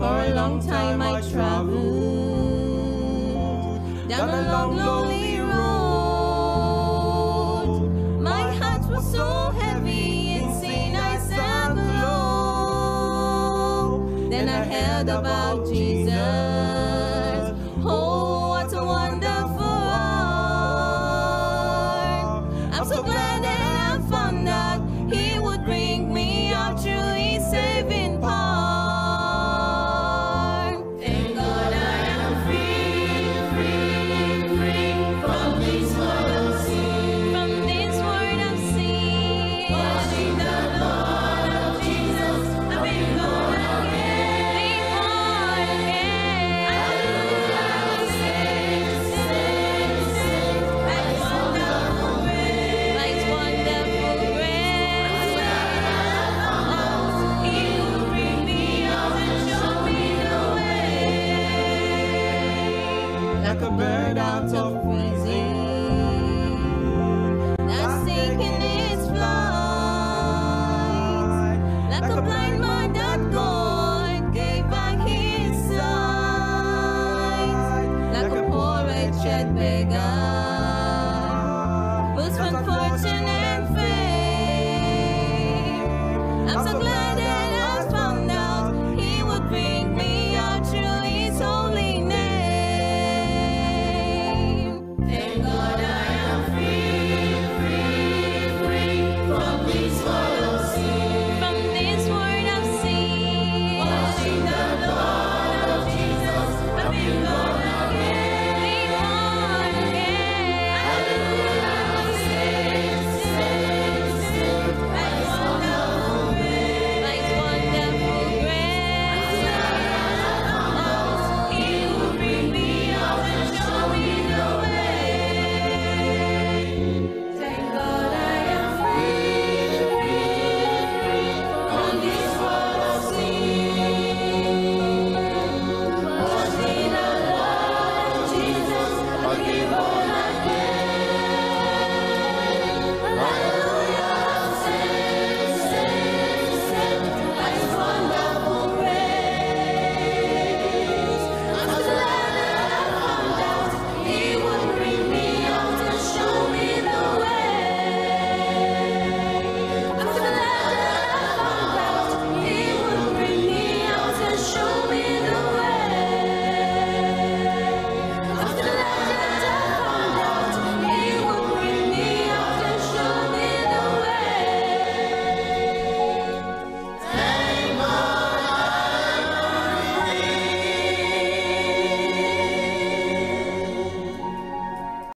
For a long time I traveled down a long, lonely road. My heart was so heavy, insane I sank low. Then I heard about Jesus. like a bird out of prison. That's taking its flight, like a blind man that God gave back his sight. like a poor wretched beggar.